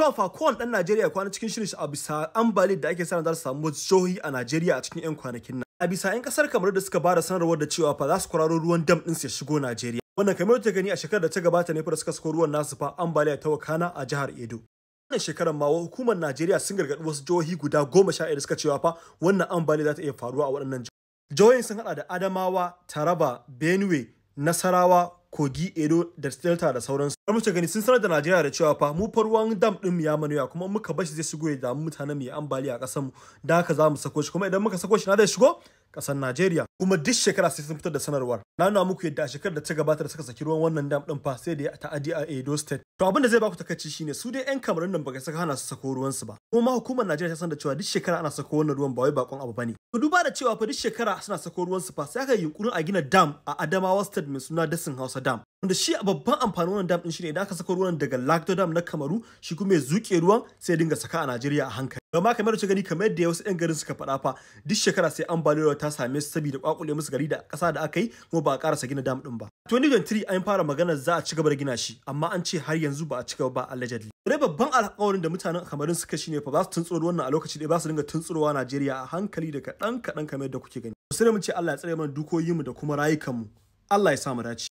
to fa kowane ɗan Najeriya kwana cikin shirin a bisa ambali da ake sa da su samu jihohi a Najeriya a cikin 'yan kwanakin nan. A bisa 'yan kasar kamar da suka ba da sanarwar da cewa fa za su kwararo ruwan dam ɗin su ya shigo Najeriya. Wannan kamar ta gani a shekarar da ta gabata ne fa da suka sako ruwan nasu fa ambaliya ta wakana a jihar Edo. wannan shekarar ma hukumar Najeriya sun gargaɗi wasu jihohi guda goma sha da suka cewa fa wannan ambaliya za ta iya faruwa a waɗannan jihohi. Jihohin sun haɗa da Adamawa, Taraba, Benue, Nasarawa, kogi edo da delta da sauransu har muka gani sun sanar da najeriya da cewa fa mu farwan dam din ya manuya kuma muka bashi zai shigo ya damu mutanen mu ya ambaliya a kasar mu da haka za mu sako shi kuma idan muka sako shi na zai shigo kasar Najeriya kuma duk shekara sai sun fitar da sanarwar na nuna muku yadda a shekarar da ta gabata da suka saki ruwan wannan dam din fa sai da ta adi a Edo State to abin da zai baku takaici shine su dai yan kamarin nan baka saka hana su sako ruwan su ba kuma hukumar Najeriya ta san da cewa duk shekara ana sako wannan ruwan ba wai bakon abu bane to duba da cewa fa duk shekara suna sako ruwan su fa sai aka yi yunkurin a gina dam a Adamawa State mai suna Dasin Hausa Dam wanda shi a babban amfanin wannan dam din shine idan aka saka ruwan daga Lagdo dam na Kamaru shi kuma mai zuke ruwan sai dinga saka a Najeriya a hankali amma kamar da gani kamar yadda wasu 'yan garin suka faɗa fa duk shekara sai ruwa ta same su saboda kwakule musu gari da ƙasa da aka yi kuma ba a ƙarasa gina dam din ba 2023 an fara magana za a ci gaba da gina shi amma an ce har yanzu ba a ci gaba ba allegedly dai babban alƙawarin da mutanen Kamaru suka shine fa za su tuntsuro wannan a lokaci da ba su dinga tuntsurowa Najeriya a hankali da kaɗan kaɗan kamar yadda kuke gani sai mu ce Allah ya tsare mana dukoyinmu da kuma rayukanmu Allah ya sa mu dace